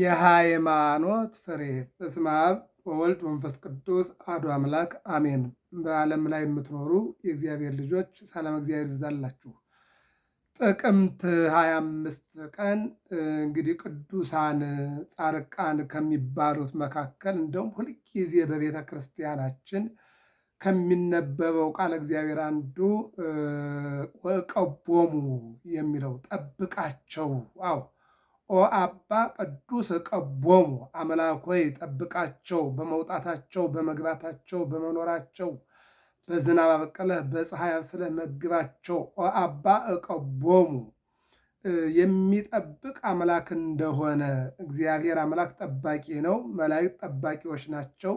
የሃይማኖት ፍሬ። በስመ አብ ወወልድ ወመንፈስ ቅዱስ አሐዱ አምላክ አሜን። በዓለም ላይ የምትኖሩ የእግዚአብሔር ልጆች ሰላም እግዚአብሔር ይብዛላችሁ። ጥቅምት 25 ቀን እንግዲህ ቅዱሳን ጻርቃን ከሚባሉት መካከል እንደውም ሁልጊዜ በቤተ ክርስቲያናችን ከሚነበበው ቃል እግዚአብሔር አንዱ ወቀቦሙ የሚለው ጠብቃቸው አው ኦ አባ ቅዱስ ቀቦሙ አምላኮይ ጠብቃቸው በመውጣታቸው በመግባታቸው በመኖራቸው በዝናብ አበቀለህ በፀሐይ አብስለህ መግባቸው። ኦ አባ እቀቦሙ የሚጠብቅ አምላክ እንደሆነ እግዚአብሔር አምላክ ጠባቂ ነው። መላእክት ጠባቂዎች ናቸው።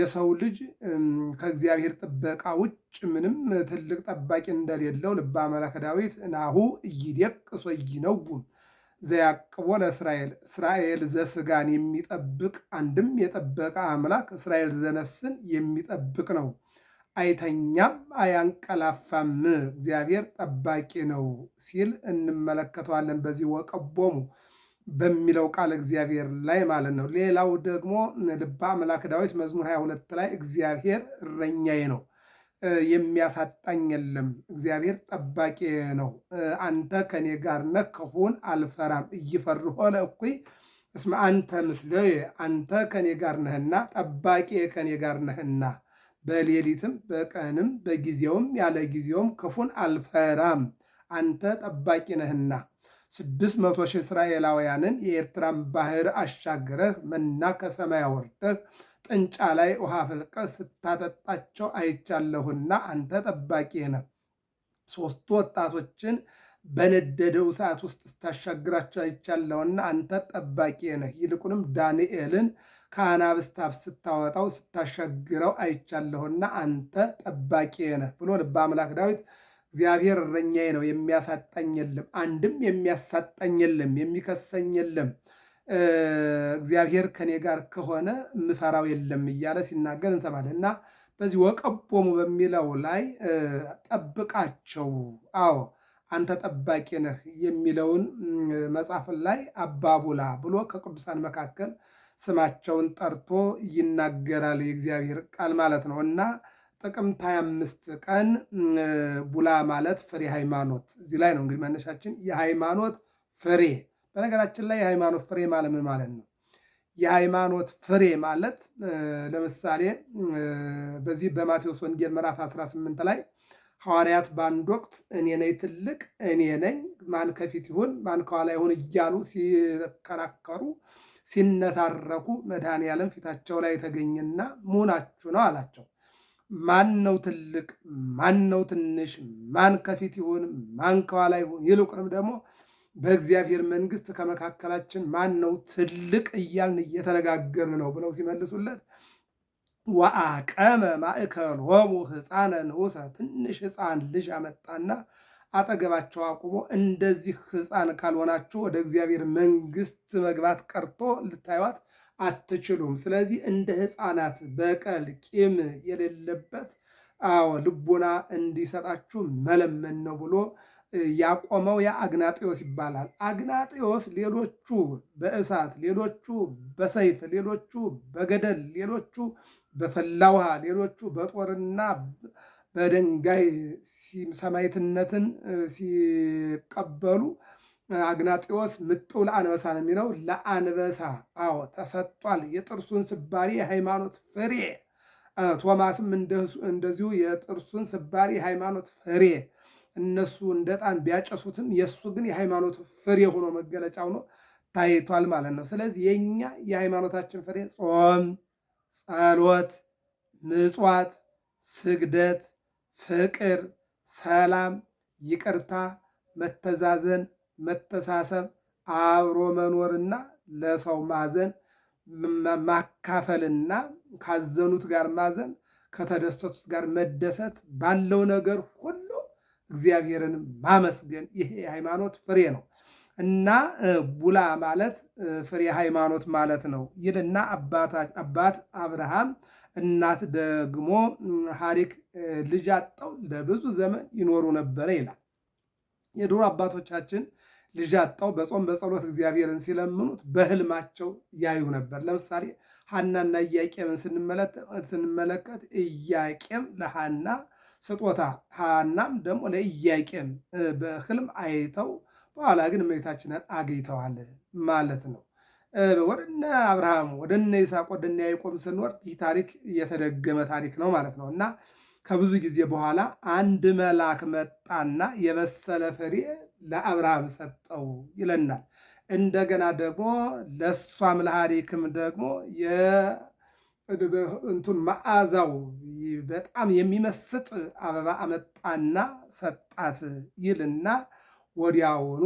የሰው ልጅ ከእግዚአብሔር ጥበቃ ውጭ ምንም ትልቅ ጠባቂ እንደሌለው ልበ አምላክ ዳዊት ናሁ እይደቅ ሶይ ነው ዘያቅቦ ለእስራኤል እስራኤል ዘስጋን የሚጠብቅ አንድም የጠበቀ አምላክ እስራኤል ዘነፍስን የሚጠብቅ ነው። አይተኛም አያንቀላፋም፣ እግዚአብሔር ጠባቂ ነው ሲል እንመለከተዋለን። በዚህ ወቀቦሙ በሚለው ቃል እግዚአብሔር ላይ ማለት ነው። ሌላው ደግሞ ልበ አምላክ ዳዊት መዝሙር 22 ላይ እግዚአብሔር እረኛዬ ነው የሚያሳጣኝ የለም። እግዚአብሔር ጠባቂ ነው። አንተ ከኔ ጋር ነህ፣ ክፉን አልፈራም። እይፈርሆ ለእኩይ እስመ አንተ ምስለ አንተ ከኔ ጋር ነህና ጠባቂ ከኔ ጋር ነህና በሌሊትም በቀንም በጊዜውም ያለ ጊዜውም ክፉን አልፈራም። አንተ ጠባቂ ነህና ስድስት መቶ ሺህ እስራኤላውያንን የኤርትራን ባህር አሻግረህ መና ከሰማይ አወርደህ ጥንጫ ላይ ውሃ ፈልቀ ስታጠጣቸው አይቻለሁና አንተ ጠባቂ ነው። ሶስቱ ወጣቶችን በነደደው ሰዓት ውስጥ ስታሻግራቸው አይቻለውና አንተ ጠባቂ ነህ። ይልቁንም ዳንኤልን ከአናብስት አፍ ስታወጣው ስታሻግረው አይቻለሁና አንተ ጠባቂ ነህ ብሎ ልበ አምላክ ዳዊት እግዚአብሔር እረኛዬ ነው፣ የሚያሳጣኝ የለም፣ አንድም የሚያሳጣኝ የለም፣ የሚከሰኝ የለም እግዚአብሔር ከኔ ጋር ከሆነ ምፈራው የለም እያለ ሲናገር እንሰማለን እና በዚህ ወቀቦሙ በሚለው ላይ ጠብቃቸው፣ አዎ አንተ ጠባቂ ነህ የሚለውን መጽሐፍን ላይ አባቡላ ብሎ ከቅዱሳን መካከል ስማቸውን ጠርቶ ይናገራል የእግዚአብሔር ቃል ማለት ነው እና ጥቅምት 25 ቀን ቡላ ማለት ፍሬ ሃይማኖት፣ እዚህ ላይ ነው እንግዲህ መነሻችን የሃይማኖት ፍሬ። በነገራችን ላይ የሃይማኖት ፍሬ ማለምን ማለት ነው? የሃይማኖት ፍሬ ማለት ለምሳሌ በዚህ በማቴዎስ ወንጌል ምዕራፍ 18 ላይ ሐዋርያት በአንድ ወቅት እኔ ነኝ ትልቅ እኔ ነኝ ማን ከፊት ይሁን ማን ከኋላ ይሁን እያሉ ሲከራከሩ ሲነታረኩ መድኃኔ ዓለም ፊታቸው ላይ ተገኝና መሆናችሁ ነው አላቸው። ማን ነው ትልቅ? ማን ነው ትንሽ? ማን ከፊት ይሁን ማን ከኋላ ይሁን? ይልቁንም ደግሞ በእግዚአብሔር መንግስት ከመካከላችን ማን ነው ትልቅ እያልን እየተነጋገርን ነው ብለው ሲመልሱለት ወአቀመ ማእከል ሆሙ ህፃነን ንዑሰ ትንሽ ህፃን ልጅ አመጣና አጠገባቸው አቁሞ እንደዚህ ህፃን ካልሆናችሁ ወደ እግዚአብሔር መንግስት መግባት ቀርቶ ልታዩት አትችሉም። ስለዚህ እንደ ህፃናት በቀል ቂም የሌለበት አዎ ልቦና እንዲሰጣችሁ መለመን ነው ብሎ ያቆመው ያ አግናጢዎስ ይባላል። አግናጢዎስ ሌሎቹ በእሳት ሌሎቹ በሰይፍ ሌሎቹ በገደል ሌሎቹ በፈላ ውሃ ሌሎቹ በጦርና በድንጋይ ሰማዕትነትን ሲቀበሉ አግናጢዎስ ምጥው ለአንበሳ ነው የሚለው ለአንበሳ አዎ ተሰጥቷል። የጥርሱን ስባሪ የሃይማኖት ፍሬ ቶማስም እንደዚሁ የጥርሱን ስባሪ የሃይማኖት ፍሬ እነሱ እንደ ጣን ቢያጨሱትም የእሱ ግን የሃይማኖት ፍሬ ሆኖ መገለጫ ሆኖ ታይቷል ማለት ነው። ስለዚህ የኛ የሃይማኖታችን ፍሬ ጾም፣ ጸሎት፣ ምጽዋት፣ ስግደት፣ ፍቅር፣ ሰላም፣ ይቅርታ፣ መተዛዘን፣ መተሳሰብ፣ አብሮ መኖርና ለሰው ማዘን ማካፈልና ካዘኑት ጋር ማዘን ከተደሰቱት ጋር መደሰት ባለው ነገር ሁሉ እግዚአብሔርን ማመስገን ይሄ የሃይማኖት ፍሬ ነው እና ቡላ ማለት ፍሬ ሃይማኖት ማለት ነው ይልና አባት አብርሃም እናት ደግሞ ሐሪክ ልጅ አጣው ለብዙ ዘመን ይኖሩ ነበረ ይላል። የድሮ አባቶቻችን ልጅ አጣው በጾም በጸሎት እግዚአብሔርን ሲለምኑት በህልማቸው ያዩ ነበር። ለምሳሌ ሐናና ኢያቄምን ስንመለከት እያቄም ለሐና ስጦታ ሐናም ደግሞ ለኢያቄም በሕልም አይተው በኋላ ግን እመቤታችንን አግኝተዋል ማለት ነው። ወደነ አብርሃም ወደነ ይስሐቅ ወደነ ያዕቆብ ስንወርድ ይህ ታሪክ የተደገመ ታሪክ ነው ማለት ነው እና ከብዙ ጊዜ በኋላ አንድ መልአክ መጣና የበሰለ ፍሬ ለአብርሃም ሰጠው ይለናል። እንደገና ደግሞ ለእሷም ለሃሪክም ደግሞ እንቱን መዓዛው በጣም የሚመስጥ አበባ አመጣና ሰጣት ይልና ወዲያውኑ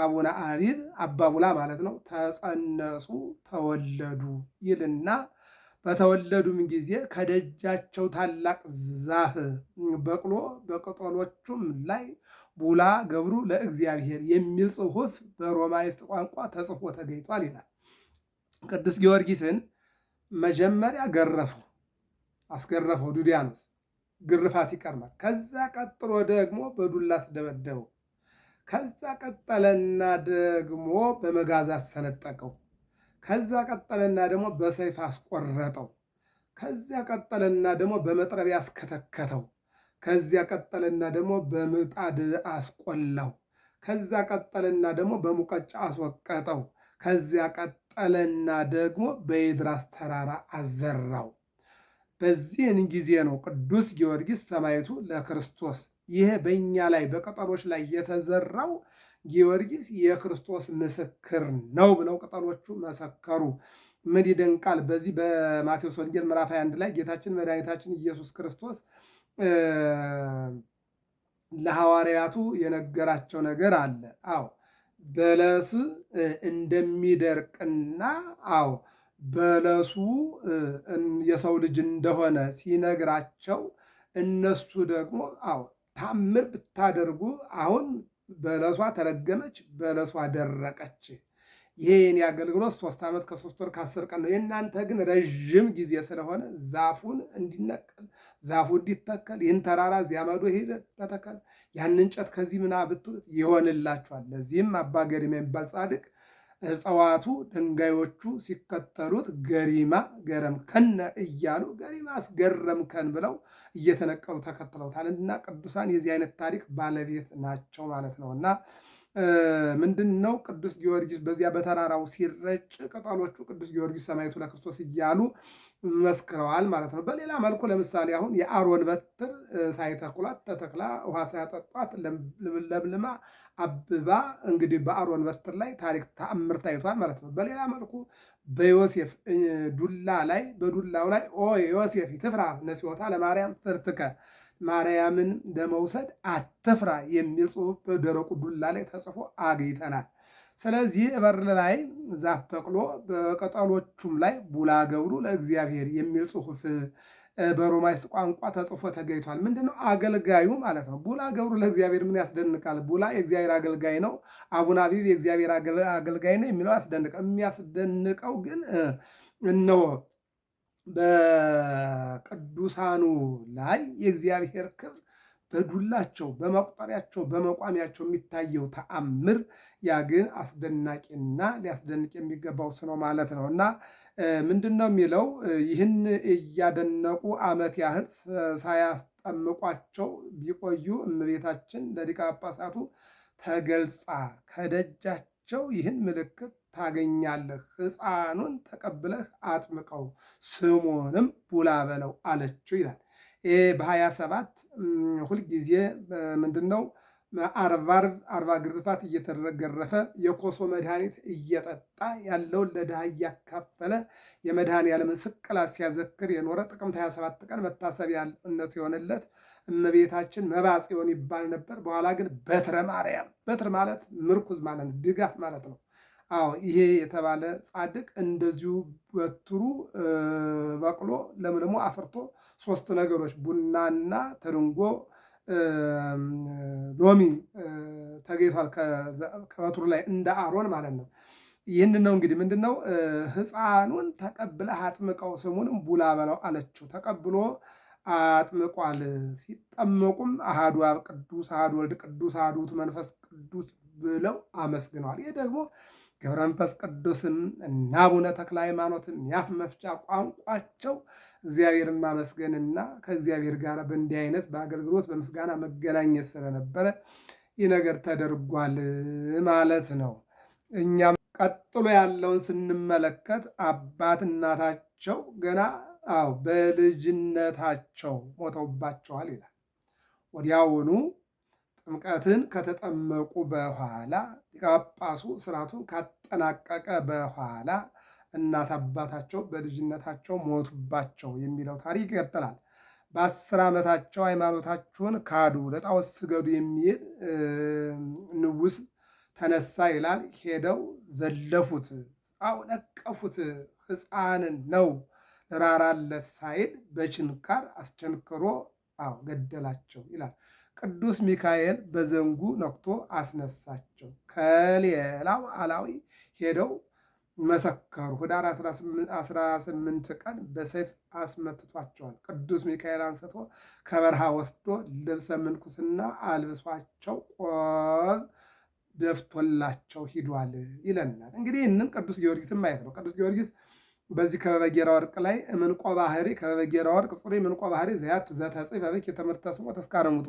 አቡነ አቢብ አባቡላ ማለት ነው ተጸነሱ ተወለዱ ይልና በተወለዱም ጊዜ ከደጃቸው ታላቅ ዛፍ በቅሎ በቅጠሎቹም ላይ ቡላ ገብሩ ለእግዚአብሔር የሚል ጽሑፍ በሮማይስጥ ቋንቋ ተጽፎ ተገኝቷል ይላል። ቅዱስ ጊዮርጊስን መጀመሪያ ገረፈው አስገረፈው። ዱዲያኖስ ግርፋት ይቀርማል። ከዛ ቀጥሎ ደግሞ በዱላ አስደበደበው። ከዛ ቀጠለና ደግሞ በመጋዛ አሰነጠቀው። ከዛ ቀጠለና ደግሞ በሰይፍ አስቆረጠው። ከዚያ ቀጠለና ደግሞ በመጥረቢያ አስከተከተው። ከዚያ ቀጠለና ደግሞ በምጣድ አስቆላው። ከዛ ቀጠለና ደግሞ በሙቀጫ አስወቀጠው። ከዚያ ቀጥ በቀለና ደግሞ በኤድራስ ተራራ አዘራው። በዚህን ጊዜ ነው ቅዱስ ጊዮርጊስ ሰማዕቱ ለክርስቶስ ይህ በእኛ ላይ በቅጠሎች ላይ የተዘራው ጊዮርጊስ የክርስቶስ ምስክር ነው ብለው ቅጠሎቹ መሰከሩ። ምን ይደንቃል? በዚህ በማቴዎስ ወንጌል ምዕራፍ 21 ላይ ጌታችን መድኃኒታችን ኢየሱስ ክርስቶስ ለሐዋርያቱ የነገራቸው ነገር አለ። አዎ በለስ እንደሚደርቅና አዎ በለሱ የሰው ልጅ እንደሆነ ሲነግራቸው እነሱ ደግሞ አዎ ታምር ብታደርጉ አሁን በለሷ ተረገመች፣ በለሷ ደረቀች ይሄ የኔ አገልግሎት ሶስት ዓመት ከሶስት ወር ከአስር ቀን ነው። የእናንተ ግን ረዥም ጊዜ ስለሆነ ዛፉን እንዲነቀል ዛፉ እንዲተከል ይህን ተራራ እዚያ ማዶ ሄደ ተተከል ያን እንጨት ከዚህ ምና ብትሉት ይሆንላችኋል። ለዚህም አባ ገሪማ የሚባል ጻድቅ እጽዋቱ ድንጋዮቹ ሲከተሉት ገሪማ ገረምከነ እያሉ ገሪማ አስገረምከን ብለው እየተነቀሉ ተከትለውታል እና ቅዱሳን የዚህ አይነት ታሪክ ባለቤት ናቸው ማለት ነው እና ምንድን ነው ቅዱስ ጊዮርጊስ በዚያ በተራራው ሲረጭ ቅጠሎቹ ቅዱስ ጊዮርጊስ ሰማዕቱ ለክርስቶስ እያሉ መስክረዋል ማለት ነው። በሌላ መልኩ ለምሳሌ አሁን የአሮን በትር ሳይተክሏት ተተክላ ውሃ ሳያጠጧት ለምልማ አብባ እንግዲህ በአሮን በትር ላይ ታሪክ ተአምር ታይቷል ማለት ነው። በሌላ መልኩ በዮሴፍ ዱላ ላይ በዱላው ላይ ኦ ዮሴፍ ትፍራ ነሲወታ ለማርያም ፍርትከ ማርያምን ለመውሰድ አትፍራ የሚል ጽሑፍ በደረቁ ዱላ ላይ ተጽፎ አግኝተናል። ስለዚህ በር ላይ ዛፍ በቅሎ በቅጠሎቹም ላይ ቡላ ገብሩ ለእግዚአብሔር የሚል ጽሑፍ በሮማይስጥ ቋንቋ ተጽፎ ተገኝቷል። ምንድነው? አገልጋዩ ማለት ነው። ቡላ ገብሩ ለእግዚአብሔር ምን ያስደንቃል? ቡላ የእግዚአብሔር አገልጋይ ነው። አቡነ አቢብ የእግዚአብሔር አገልጋይ ነው የሚለው ያስደንቀው። የሚያስደንቀው ግን እነሆ በቅዱሳኑ ላይ የእግዚአብሔር ክብር በዱላቸው በመቁጠሪያቸው በመቋሚያቸው የሚታየው ተአምር ያ ግን አስደናቂና ሊያስደንቅ የሚገባው ስኖ ማለት ነው። እና ምንድን ነው የሚለው ይህን እያደነቁ ዓመት ያህል ሳያስጠምቋቸው ቢቆዩ እመቤታችን ለሊቀ ጳጳሳቱ ተገልጻ ከደጃቸው ይህን ምልክት ታገኛለህ፣ ሕፃኑን ተቀብለህ አጥምቀው ስሙንም ቡላ በለው አለችው ይላል። ይህ በሀያ ሰባት ሁልጊዜ ምንድን ነው አርባ አርባ ግርፋት እየተገረፈ የኮሶ መድኃኒት እየጠጣ ያለውን ለድሃ እያካፈለ የመድኃኔዓለምን ስቅላት ሲያዘክር የኖረ ጥቅምት 27 ቀን መታሰቢያነቱ የሆነለት እመቤታችን መብዓ ጽዮን ይባል ነበር። በኋላ ግን በትረ ማርያም፣ በትር ማለት ምርኩዝ ማለት ነው፣ ድጋፍ ማለት ነው። አዎ ይሄ የተባለ ጻድቅ እንደዚሁ በትሩ በቅሎ ለምልሞ አፍርቶ ሶስት ነገሮች ቡናና ተድንጎ ሎሚ ተገይቷል ከበትሩ ላይ እንደ አሮን ማለት ነው። ይህን ነው እንግዲህ ምንድን ነው ህፃኑን ተቀብለ አጥምቀው ስሙንም ቡላ በለው አለችው። ተቀብሎ አጥምቋል። ሲጠመቁም አሃዱ አብ ቅዱስ፣ አሃዱ ወልድ ቅዱስ፣ አሃዱ መንፈስ ቅዱስ ብለው አመስግነዋል። ይህ ደግሞ ገብረ መንፈስ ቅዱስም እና አቡነ ተክለ ሃይማኖትም ያፍ መፍጫ ቋንቋቸው እግዚአብሔርን ማመስገንና ከእግዚአብሔር ጋር በእንዲህ አይነት በአገልግሎት በምስጋና መገናኘት ስለነበረ ይህ ነገር ተደርጓል ማለት ነው። እኛም ቀጥሎ ያለውን ስንመለከት አባት እናታቸው ገና አዎ በልጅነታቸው ሞተውባቸዋል ይላል ወዲያውኑ ጥምቀትን ከተጠመቁ በኋላ ጳጳሱ ስርዓቱን ካጠናቀቀ በኋላ እናት አባታቸው በልጅነታቸው ሞቱባቸው የሚለው ታሪክ ይቀጥላል። በአስር ዓመታቸው ሃይማኖታችሁን ካዱ፣ ለጣዖት ስገዱ የሚል ንጉስ ተነሳ ይላል። ሄደው ዘለፉት፣ አው ነቀፉት። ነው ራራለት ሳይል በችንካር አስቸንክሮ ገደላቸው ይላል። ቅዱስ ሚካኤል በዘንጉ ነክቶ አስነሳቸው። ከሌላው አላዊ ሄደው መሰከሩ። ህዳር 18 ቀን በሰይፍ አስመትቷቸዋል። ቅዱስ ሚካኤል አንስቶ ከበረሃ ወስዶ ልብሰ ምንኩስና አልብሷቸው ቆብ ደፍቶላቸው ሂዷል ይለናል። እንግዲህ ይህንን ቅዱስ ጊዮርጊስን ማየት ነው። ቅዱስ ጊዮርጊስ በዚህ ከበበጌራ ወርቅ ላይ ምንቆ ባህሪ ከበበጌራ ወርቅ ጽሩ ምንቆ ባህሪ ዘያት ዘተ በበክ የትምህርት ተስሞ ተስካረሙቱ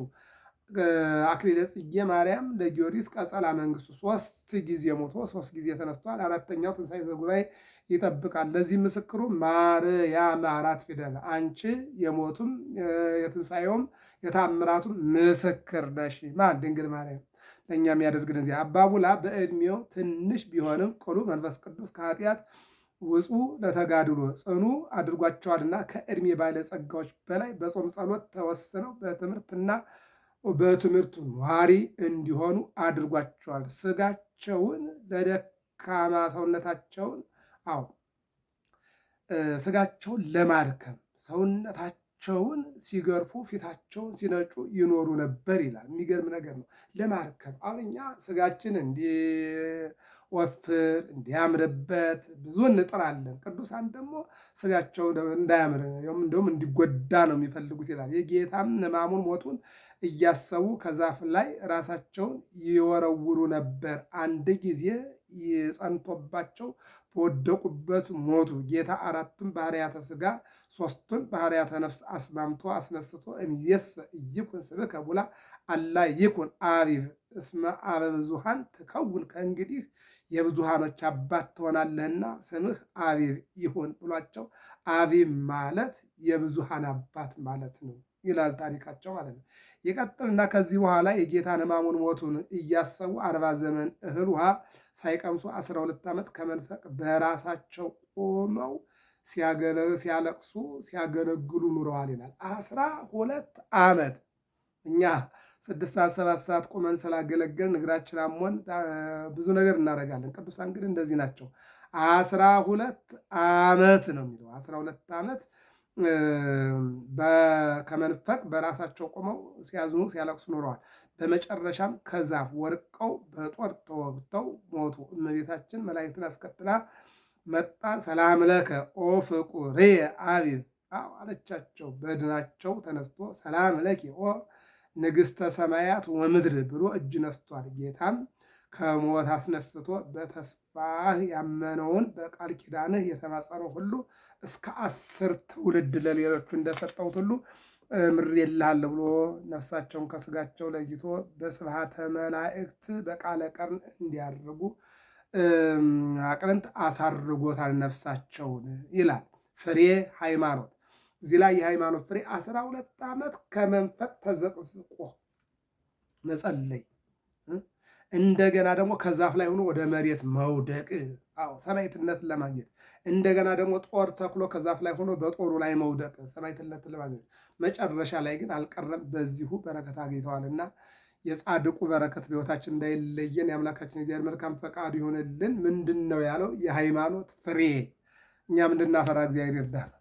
አክሊለ ጽጌ ማርያም ለጊዮርጊስ ቀጸላ መንግስቱ ሶስት ጊዜ ሞቶ ሶስት ጊዜ ተነስቷል። አራተኛው ትንሣኤ ዘጉባኤ ይጠብቃል። ለዚህ ምስክሩ ማርያም አራት ፊደል አንቺ የሞቱም የትንሣኤውም የታምራቱም ምስክር ነሽ። ማን ድንግል ማርያም ለእኛ የሚያደርግን እዚህ አባቡላ በእድሜው ትንሽ ቢሆንም ቅሉ መንፈስ ቅዱስ ከኃጢአት ውፁ ለተጋድሎ ጽኑ አድርጓቸዋልና ከዕድሜ ባለጸጋዎች በላይ በጾም ጸሎት ተወስነው በትምህርትና በትምህርቱ ኗሪ እንዲሆኑ አድርጓቸዋል። ስጋቸውን ለደካማ ሰውነታቸውን አዎ ስጋቸውን ለማድከም ሰውነታቸው ቸውን ሲገርፉ ፊታቸውን ሲነጩ ይኖሩ ነበር ይላል። የሚገርም ነገር ነው። ለማርከብ አሁን እኛ ስጋችን እንዲወፍር እንዲያምርበት ብዙ እንጥራለን። ቅዱሳን ደግሞ ስጋቸው እንዳያምር እንደውም እንዲጎዳ ነው የሚፈልጉት ይላል። የጌታም ሕማሙን ሞቱን እያሰቡ ከዛፍ ላይ ራሳቸውን ይወረውሩ ነበር። አንድ ጊዜ የጸንቶባቸው በወደቁበት ሞቱ። ጌታ አራቱን ባህርያተ ስጋ ሶስቱን ባህርያተ ነፍስ አስማምቶ አስነስቶ እምየሰ እይኩን ስብከ ቡላ አላ ይኩን አቢብ እስመ አበ ብዙሃን ትከውን ከእንግዲህ የብዙሃኖች አባት ትሆናለህና ስምህ አቢብ ይሁን ብሏቸው አቢብ ማለት የብዙሃን አባት ማለት ነው ይላል ታሪካቸው ማለት ነው። ይቀጥልና ከዚህ በኋላ የጌታን ሕማሙን ሞቱን እያሰቡ አርባ ዘመን እህል ውሃ ሳይቀምሱ አስራ ሁለት ዓመት ከመንፈቅ በራሳቸው ቆመው ሲያለቅሱ ሲያገለግሉ ኑረዋል ይላል። አስራ ሁለት ዓመት እኛ ስድስት ሰዓት ሰባት ሰዓት ቁመን ስላገለገልን እግራችን አሞን ብዙ ነገር እናደርጋለን። ቅዱሳን እንግዲ እንደዚህ ናቸው። አስራ ሁለት ዓመት ነው የሚለው አስራ ሁለት ዓመት ከመንፈቅ በራሳቸው ቆመው ሲያዝኑ ሲያለቅሱ ኖረዋል። በመጨረሻም ከዛፍ ወርቀው በጦር ተወግተው ሞቱ። እመቤታችን መላእክትን አስከትላ መጣ ሰላም ለከ ኦ ፍቁሬ አቢብ አለቻቸው። በድናቸው ተነስቶ ሰላም ለኪ ኦ ንግሥተ ሰማያት ወምድር ብሎ እጅ ነስቷል። ጌታም ከሞት አስነስቶ በተስፋህ ያመነውን በቃል ኪዳንህ የተማጸነው ሁሉ እስከ አስር ትውልድ ለሌሎቹ እንደሰጠሁት ሁሉ የላለ ብሎ ነፍሳቸውን ከስጋቸው ለይቶ በስብሐተ መላእክት በቃለ ቀርን እንዲያደርጉ አቅርንት አሳርጎታል ነፍሳቸውን ይላል። ፍሬ ሃይማኖት እዚህ ላይ የሃይማኖት ፍሬ አስራ ሁለት ዓመት ከመንፈቅ ተዘቅዝቆ መጸለይ እንደገና ደግሞ ከዛፍ ላይ ሆኖ ወደ መሬት መውደቅ፣ አዎ ሰማዕትነትን ለማግኘት እንደገና ደግሞ ጦር ተክሎ ከዛፍ ላይ ሆኖ በጦሩ ላይ መውደቅ ሰማዕትነትን ለማግኘት መጨረሻ ላይ ግን አልቀረም፣ በዚሁ በረከት አግኝተዋልና የጻድቁ በረከት በሕይወታችን እንዳይለየን የአምላካችን እግዚአብሔር መልካም ፈቃዱ ይሆንልን። ምንድን ነው ያለው? የሃይማኖት ፍሬ እኛ ምንድናፈራ እግዚአብሔር ይርዳል።